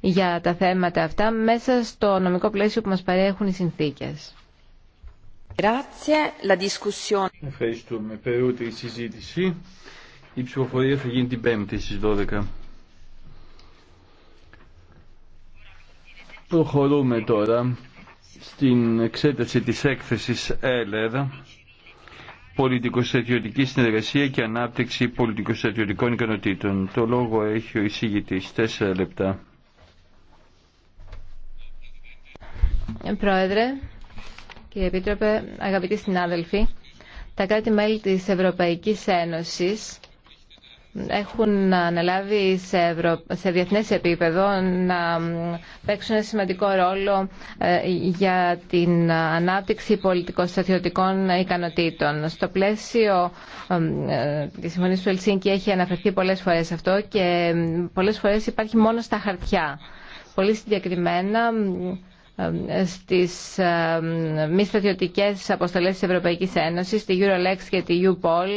για τα θέματα αυτά μέσα στο νομικό πλαίσιο που μας παρέχουν οι συνθήκες. Ευχαριστούμε. περούτη η συζήτηση. Η ψηφοφορία θα γίνει την Πέμπτη στις 12. Προχωρούμε τώρα στην εξέταση της έκθεσης ΕΛΕΔΑ πολιτικοστρατιωτική συνεργασία και ανάπτυξη πολιτικοστρατιωτικών ικανοτήτων. Το λόγο έχει ο εισηγητής. Τέσσερα λεπτά. Πρόεδρε, κύριε Επίτροπε, αγαπητοί συνάδελφοι, τα κράτη-μέλη της Ευρωπαϊκής Ένωσης έχουν αναλάβει σε, ευρω... σε διεθνές επίπεδο να παίξουν ένα σημαντικό ρόλο ε, για την ανάπτυξη στρατιωτικών ικανοτήτων. Στο πλαίσιο ε, ε, της Συμφωνίας του Ελσίνκη έχει αναφερθεί πολλές φορές αυτό και πολλές φορές υπάρχει μόνο στα χαρτιά. Πολύ συγκεκριμένα στις μη στρατιωτικές αποστολές της Ευρωπαϊκής Ένωσης, τη Eurolex και τη UPOL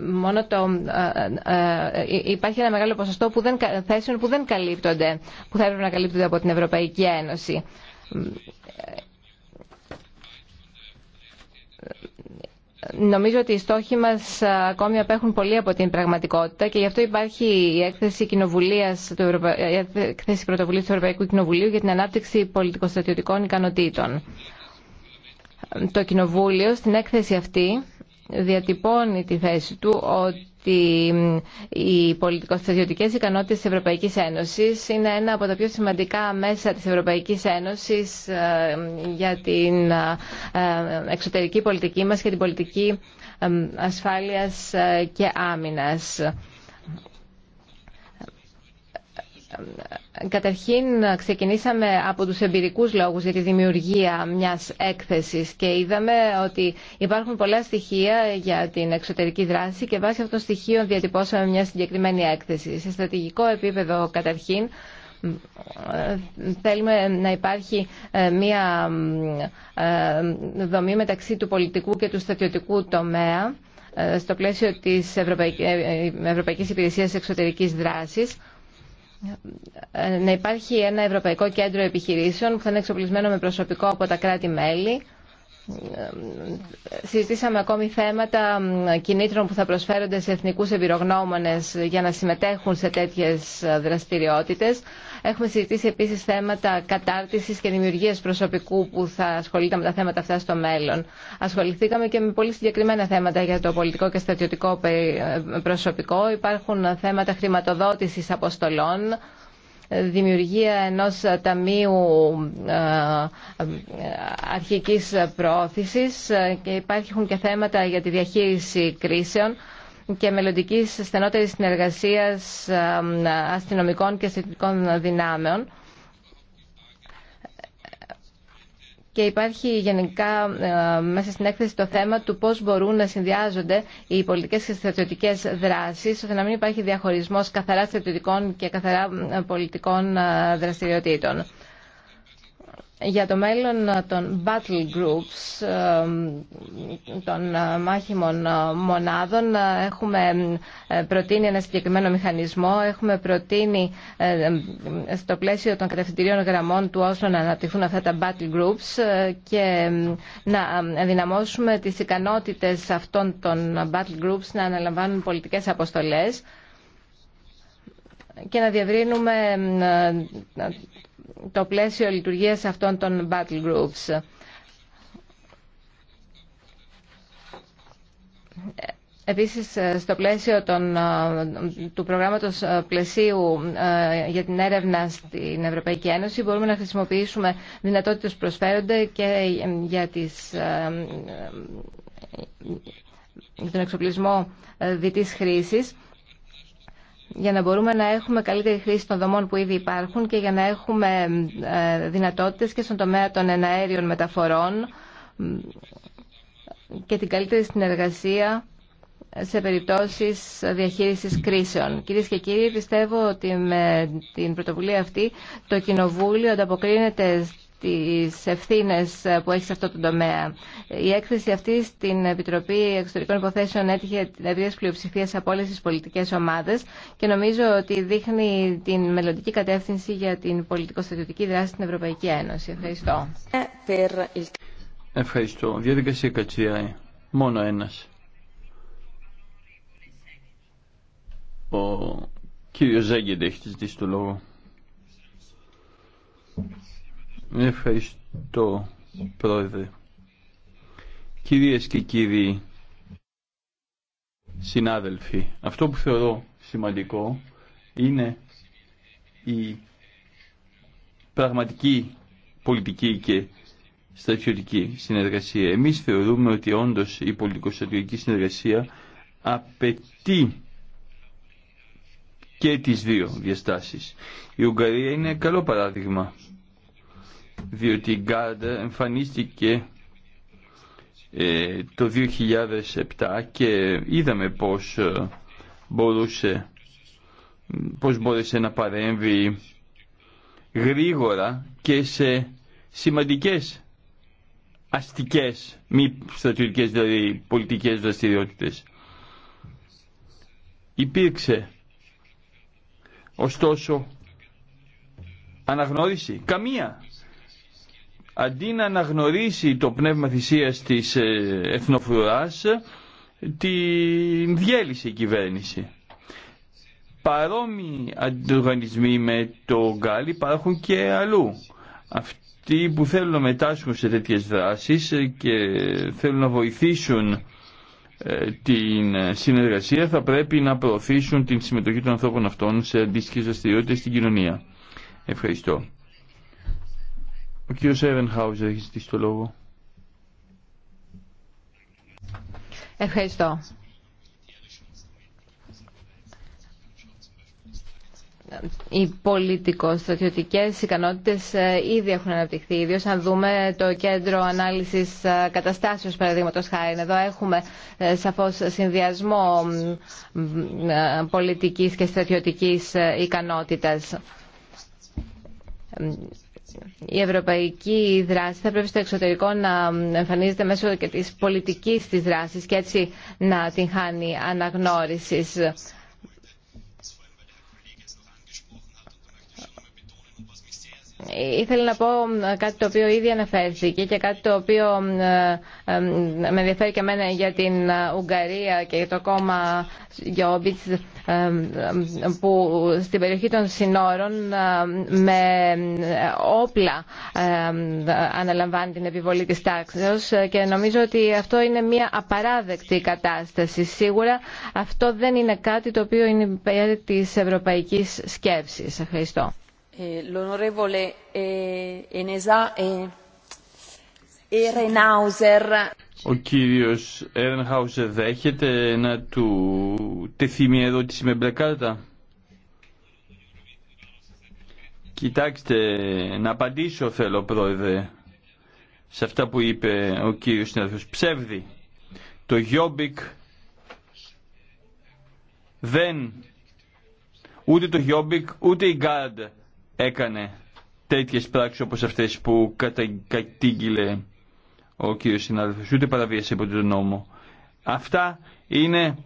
Μόνο το, ε, ε, ε, υπάρχει ένα μεγάλο ποσοστό που δεν, θέσεων που δεν καλύπτονται, που θα έπρεπε να καλύπτονται από την Ευρωπαϊκή Ένωση. Νομίζω ότι οι στόχοι μας ακόμη απέχουν πολύ από την πραγματικότητα και γι' αυτό υπάρχει η έκθεση, κοινοβουλίας, του η έκθεση πρωτοβουλίας του Ευρωπαϊκού Κοινοβουλίου για την ανάπτυξη πολιτικοστατιωτικών ικανοτήτων. Το Κοινοβούλιο στην έκθεση αυτή διατυπώνει τη θέση του ότι οι πολιτικοστρατιωτικές ικανότητες της Ευρωπαϊκής Ένωσης είναι ένα από τα πιο σημαντικά μέσα της Ευρωπαϊκής Ένωσης ε, για την ε, εξωτερική πολιτική μας και την πολιτική ε, ασφάλειας και άμυνας Καταρχήν ξεκινήσαμε από τους εμπειρικούς λόγους για τη δημιουργία μιας έκθεσης και είδαμε ότι υπάρχουν πολλά στοιχεία για την εξωτερική δράση και βάσει αυτών των στοιχείων διατυπώσαμε μια συγκεκριμένη έκθεση. Σε στρατηγικό επίπεδο καταρχήν θέλουμε να υπάρχει ε, μια ε, δομή μεταξύ του πολιτικού και του στρατιωτικού τομέα ε, στο πλαίσιο της Ευρωπαϊκής Υπηρεσίας Εξωτερικής Δράσης ε, να υπάρχει ένα Ευρωπαϊκό Κέντρο Επιχειρήσεων που θα είναι εξοπλισμένο με προσωπικό από τα κράτη-μέλη. Ε, συζητήσαμε ακόμη θέματα κινήτρων που θα προσφέρονται σε εθνικούς εμπειρογνώμονες για να συμμετέχουν σε τέτοιες ε, δραστηριότητες. Έχουμε συζητήσει επίση θέματα κατάρτιση και δημιουργία προσωπικού που θα ασχολείται με τα θέματα αυτά στο μέλλον. Ασχοληθήκαμε και με πολύ συγκεκριμένα θέματα για το πολιτικό και στρατιωτικό προσωπικό. Υπάρχουν θέματα χρηματοδότηση αποστολών δημιουργία ενός ταμείου ε, ε, αρχικής προώθησης ε, και υπάρχουν και θέματα για τη διαχείριση κρίσεων και μελλοντική στενότερη συνεργασία αστυνομικών και αστυνομικών δυνάμεων. και υπάρχει γενικά ε, μέσα στην έκθεση το θέμα του πώ μπορούν να συνδυάζονται οι πολιτικές και στρατιωτικές δράσει, ώστε να μην υπάρχει διαχωρισμός καθαρά στρατιωτικών και καθαρά ε, πολιτικών ε, δραστηριοτήτων για το μέλλον των battle groups, των ε, μάχημων ε, μονάδων. Ε, έχουμε προτείνει ένα συγκεκριμένο μηχανισμό, έχουμε προτείνει στο πλαίσιο των κατευθυντηρίων γραμμών του όσων να αναπτυχθούν αυτά τα battle groups και να ενδυναμώσουμε τις ικανότητες αυτών των battle groups να αναλαμβάνουν πολιτικές αποστολές και να διαβρύνουμε το πλαίσιο λειτουργίας αυτών των battle groups. Επίσης, στο πλαίσιο των, του προγράμματος πλαισίου ε, για την έρευνα στην Ευρωπαϊκή Ένωση μπορούμε να χρησιμοποιήσουμε δυνατότητες που προσφέρονται και ε, για τις ε, τον εξοπλισμό διτής χρήσης για να μπορούμε να έχουμε καλύτερη χρήση των δομών που ήδη υπάρχουν και για να έχουμε ε, δυνατότητες και στον τομέα των εναέριων μεταφορών και την καλύτερη συνεργασία σε περιπτώσεις διαχείρισης κρίσεων. Κυρίε και κύριοι, πιστεύω ότι με την πρωτοβουλία αυτή το Κοινοβούλιο ανταποκρίνεται τις ευθύνες που έχει σε αυτό το τομέα. Η έκθεση αυτή στην Επιτροπή Εξωτερικών Υποθέσεων έτυχε την ευρεία πλειοψηφία από όλε τι πολιτικέ ομάδε και νομίζω ότι δείχνει την μελλοντική κατεύθυνση για την πολιτικοστατιωτική δράση στην Ευρωπαϊκή Ένωση. Ευχαριστώ. Ευχαριστώ. Διαδικασία Κατσιάη. Μόνο ένα. Ο κύριος Ζέγγεντ έχει ζητήσει το λόγο. Ευχαριστώ, Πρόεδρε. Κυρίες και κύριοι συνάδελφοι, αυτό που θεωρώ σημαντικό είναι η πραγματική πολιτική και στρατιωτική συνεργασία. Εμείς θεωρούμε ότι όντως η πολιτικοστρατιωτική συνεργασία απαιτεί και τις δύο διαστάσεις. Η Ουγγαρία είναι καλό παράδειγμα διότι η Γκάρντα εμφανίστηκε ε, το 2007 και είδαμε πως ε, μπορούσε πως μπόρεσε να παρέμβει γρήγορα και σε σημαντικές αστικές μη στρατιωτικές δηλαδή πολιτικές δραστηριότητες υπήρξε ωστόσο αναγνώριση καμία αντί να αναγνωρίσει το πνεύμα θυσίας της ε, εθνοφρουράς, την διέλυσε η κυβέρνηση. Παρόμοιοι αντιοργανισμοί με το γκάλι υπάρχουν και αλλού. Αυτοί που θέλουν να μετάσχουν σε τέτοιες δράσεις ε, και θέλουν να βοηθήσουν ε, την συνεργασία θα πρέπει να προωθήσουν την συμμετοχή των ανθρώπων αυτών σε αντίστοιχε δραστηριότητε στην κοινωνία. Ευχαριστώ. Ο κύριο Εβενχάουζερ έχει ζητήσει το λόγο. Ευχαριστώ. οι πολιτικο στρατιωτικε ικανότητες ε, ήδη έχουν αναπτυχθεί, ιδιω. αν δούμε το κέντρο ανάλυσης ε, καταστάσεων, παραδείγματος χάρη. Εδώ έχουμε ε, σαφώς συνδυασμό πολιτικής και στρατιωτικής ικανότητας η ευρωπαϊκή δράση θα πρέπει στο εξωτερικό να εμφανίζεται μέσω και της πολιτικής της δράσης και έτσι να την χάνει αναγνώρισης. Ήθελα να πω κάτι το οποίο ήδη αναφέρθηκε και κάτι το οποίο ε, ε, με ενδιαφέρει και εμένα για την Ουγγαρία και το κόμμα Γιόμπιτς ε, που στην περιοχή των συνόρων με όπλα αναλαμβάνει την επιβολή της και νομίζω ότι αυτό είναι μια απαράδεκτη κατάσταση. Σίγουρα αυτό δεν είναι κάτι το οποίο είναι υπέρ της ευρωπαϊκής σκέψης. Ευχαριστώ. Eh, eh, eh, ο κύριος Ερενχάουζερ δέχεται να του τεθεί μια ερώτηση με μπλε Κοιτάξτε, να απαντήσω θέλω πρόεδρε σε αυτά που είπε ο κύριος συνάδελφος. Ψεύδι. Το Γιόμπικ δεν ούτε το Γιόμπικ ούτε η Γκάρντ έκανε τέτοιες πράξεις όπως αυτές που κατήγγειλε ο κύριος συνάδελφος, ούτε παραβίασε από τον νόμο. Αυτά είναι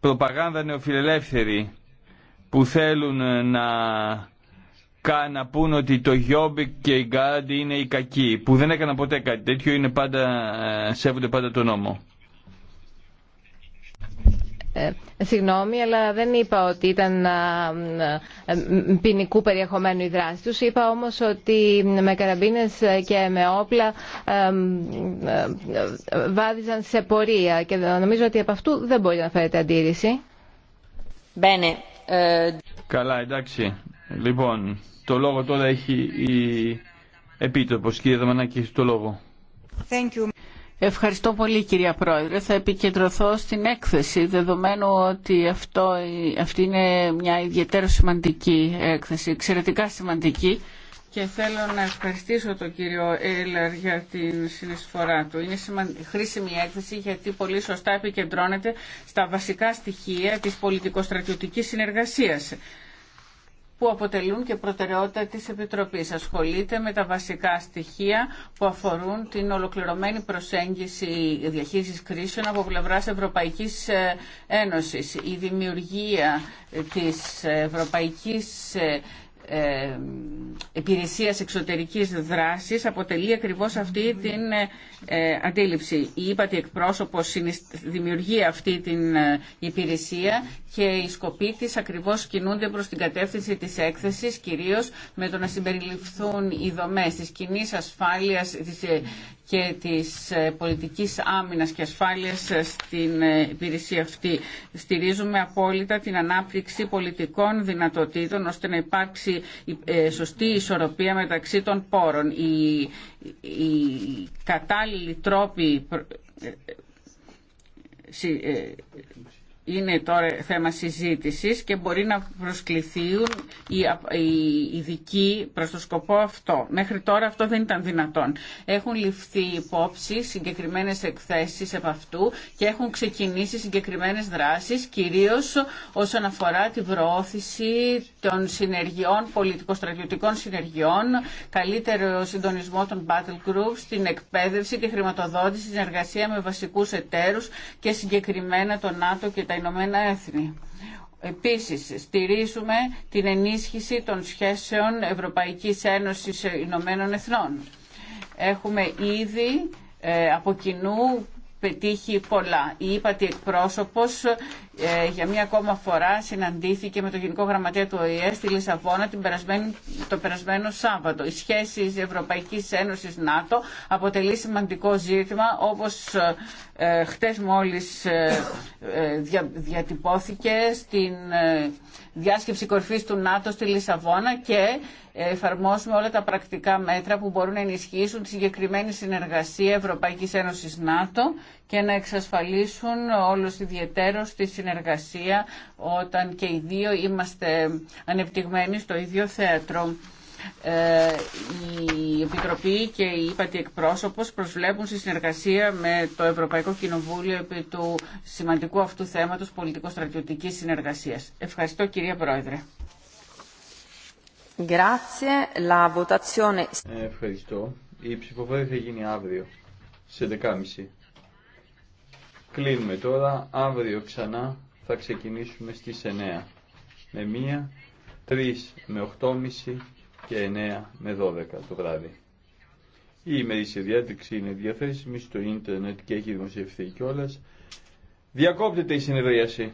προπαγάνδα νεοφιλελεύθερη που θέλουν να, να πούν ότι το Γιόμπικ και η Γκάραντι είναι οι κακοί, που δεν έκαναν ποτέ κάτι τέτοιο, είναι πάντα, ε, σέβονται πάντα τον νόμο. Ε, συγγνώμη, αλλά δεν είπα ότι ήταν ποινικού περιεχομένου η δράση τους. Είπα όμως ότι με καραμπίνες και με όπλα ε, βάδιζαν σε πορεία και νομίζω ότι από αυτού δεν μπορεί να φέρεται αντίρρηση. Ε, Καλά, εντάξει. Λοιπόν, το λόγο τώρα έχει η Επίτροπος. Κύριε Δαμανάκη, το λόγο. Ευχαριστώ πολύ κυρία Πρόεδρε. Θα επικεντρωθώ στην έκθεση, δεδομένου ότι αυτό, αυτή είναι μια ιδιαίτερα σημαντική έκθεση, εξαιρετικά σημαντική και θέλω να ευχαριστήσω τον κύριο Έλλαρ για την συνεισφορά του. Είναι χρήσιμη η έκθεση γιατί πολύ σωστά επικεντρώνεται στα βασικά στοιχεία της πολιτικοστρατιωτικής συνεργασίας που αποτελούν και προτεραιότητα της Επιτροπής. Ασχολείται με τα βασικά στοιχεία που αφορούν την ολοκληρωμένη προσέγγιση διαχείρισης κρίσεων από πλευράς Ευρωπαϊκής ε, Ένωσης. Η δημιουργία ε, της Ευρωπαϊκής ε, ε, υπηρεσίας εξωτερικής δράσης αποτελεί ακριβώς αυτή την ε, ε αντίληψη. Η ΥΠΑΤΗ εκπρόσωπος δημιουργεί αυτή την ε, υπηρεσία και οι σκοποί της ακριβώς κινούνται προς την κατεύθυνση της έκθεσης κυρίως με το να συμπεριληφθούν οι δομές της κοινή ασφάλειας, ε, και της ε, πολιτικής άμυνας και ασφάλειας ε, στην ε, υπηρεσία αυτή. Στηρίζουμε απόλυτα την ανάπτυξη πολιτικών δυνατοτήτων ώστε να υπάρξει σωστή ισορροπία μεταξύ των πόρων. Οι, οι κατάλληλοι τρόποι είναι τώρα θέμα συζήτησης και μπορεί να προσκληθεί οι ειδικοί προς το σκοπό αυτό. Μέχρι τώρα αυτό δεν ήταν δυνατόν. Έχουν ληφθεί υπόψη συγκεκριμένες εκθέσεις από αυτού και έχουν ξεκινήσει συγκεκριμένες δράσεις, κυρίως όσον αφορά τη προώθηση των συνεργειών, πολιτικοστρατιωτικών συνεργειών, καλύτερο συντονισμό των battle groups, την εκπαίδευση, και χρηματοδότηση, συνεργασία με βασικούς εταίρους και συγκεκριμένα το ΝΑΤΟ και τα Ηνωμένα Έθνη. Επίσης, στηρίζουμε την ενίσχυση των σχέσεων Ευρωπαϊκής Ένωσης Ηνωμένων Εθνών. Έχουμε ήδη ε, από κοινού πετύχει πολλά. Η ύπατη εκπρόσωπος ε, για μία ακόμα φορά συναντήθηκε με το Γενικό Γραμματέα του ΟΗΕ στη Λισαβόνα την περασμένη, το περασμένο Σάββατο. Η σχέση Ευρωπαϊκής Ένωσης ΝΑΤΟ αποτελεί σημαντικό ζήτημα όπως ε, χτες μόλις ε, ε, διατυπώθηκε στην διάσκεψη κορφής του ΝΑΤΟ στη Λισαβόνα και εφαρμόσουμε όλα τα πρακτικά μέτρα που μπορούν να ενισχύσουν τη συγκεκριμένη συνεργασία Ευρωπαϊκής Ένωσης ΝΑΤΟ και να εξασφαλίσουν όλους ιδιαιτέρως τη συνεργασία όταν και οι δύο είμαστε ανεπτυγμένοι στο ίδιο θέατρο. Ε, η Επιτροπή και η ΥΠΑΤΗ εκπρόσωπος προσβλέπουν στη συνεργασία με το Ευρωπαϊκό Κοινοβούλιο επί του σημαντικού αυτού θέματος πολιτικο-στρατιωτικής συνεργασίας. Ευχαριστώ κυρία Πρόεδρε. Ευχαριστώ. Η ψηφοφορία θα γίνει αύριο, σε δεκάμιση. Κλείνουμε τώρα. Αύριο ξανά θα ξεκινήσουμε στις 9 με 1, 3 με 8.30 και 9 με 12 το βράδυ. Η ημερήσια διάδειξη είναι διαθέσιμη στο ίντερνετ και έχει δημοσιευθεί κιόλας. Διακόπτεται η συνεδρίαση.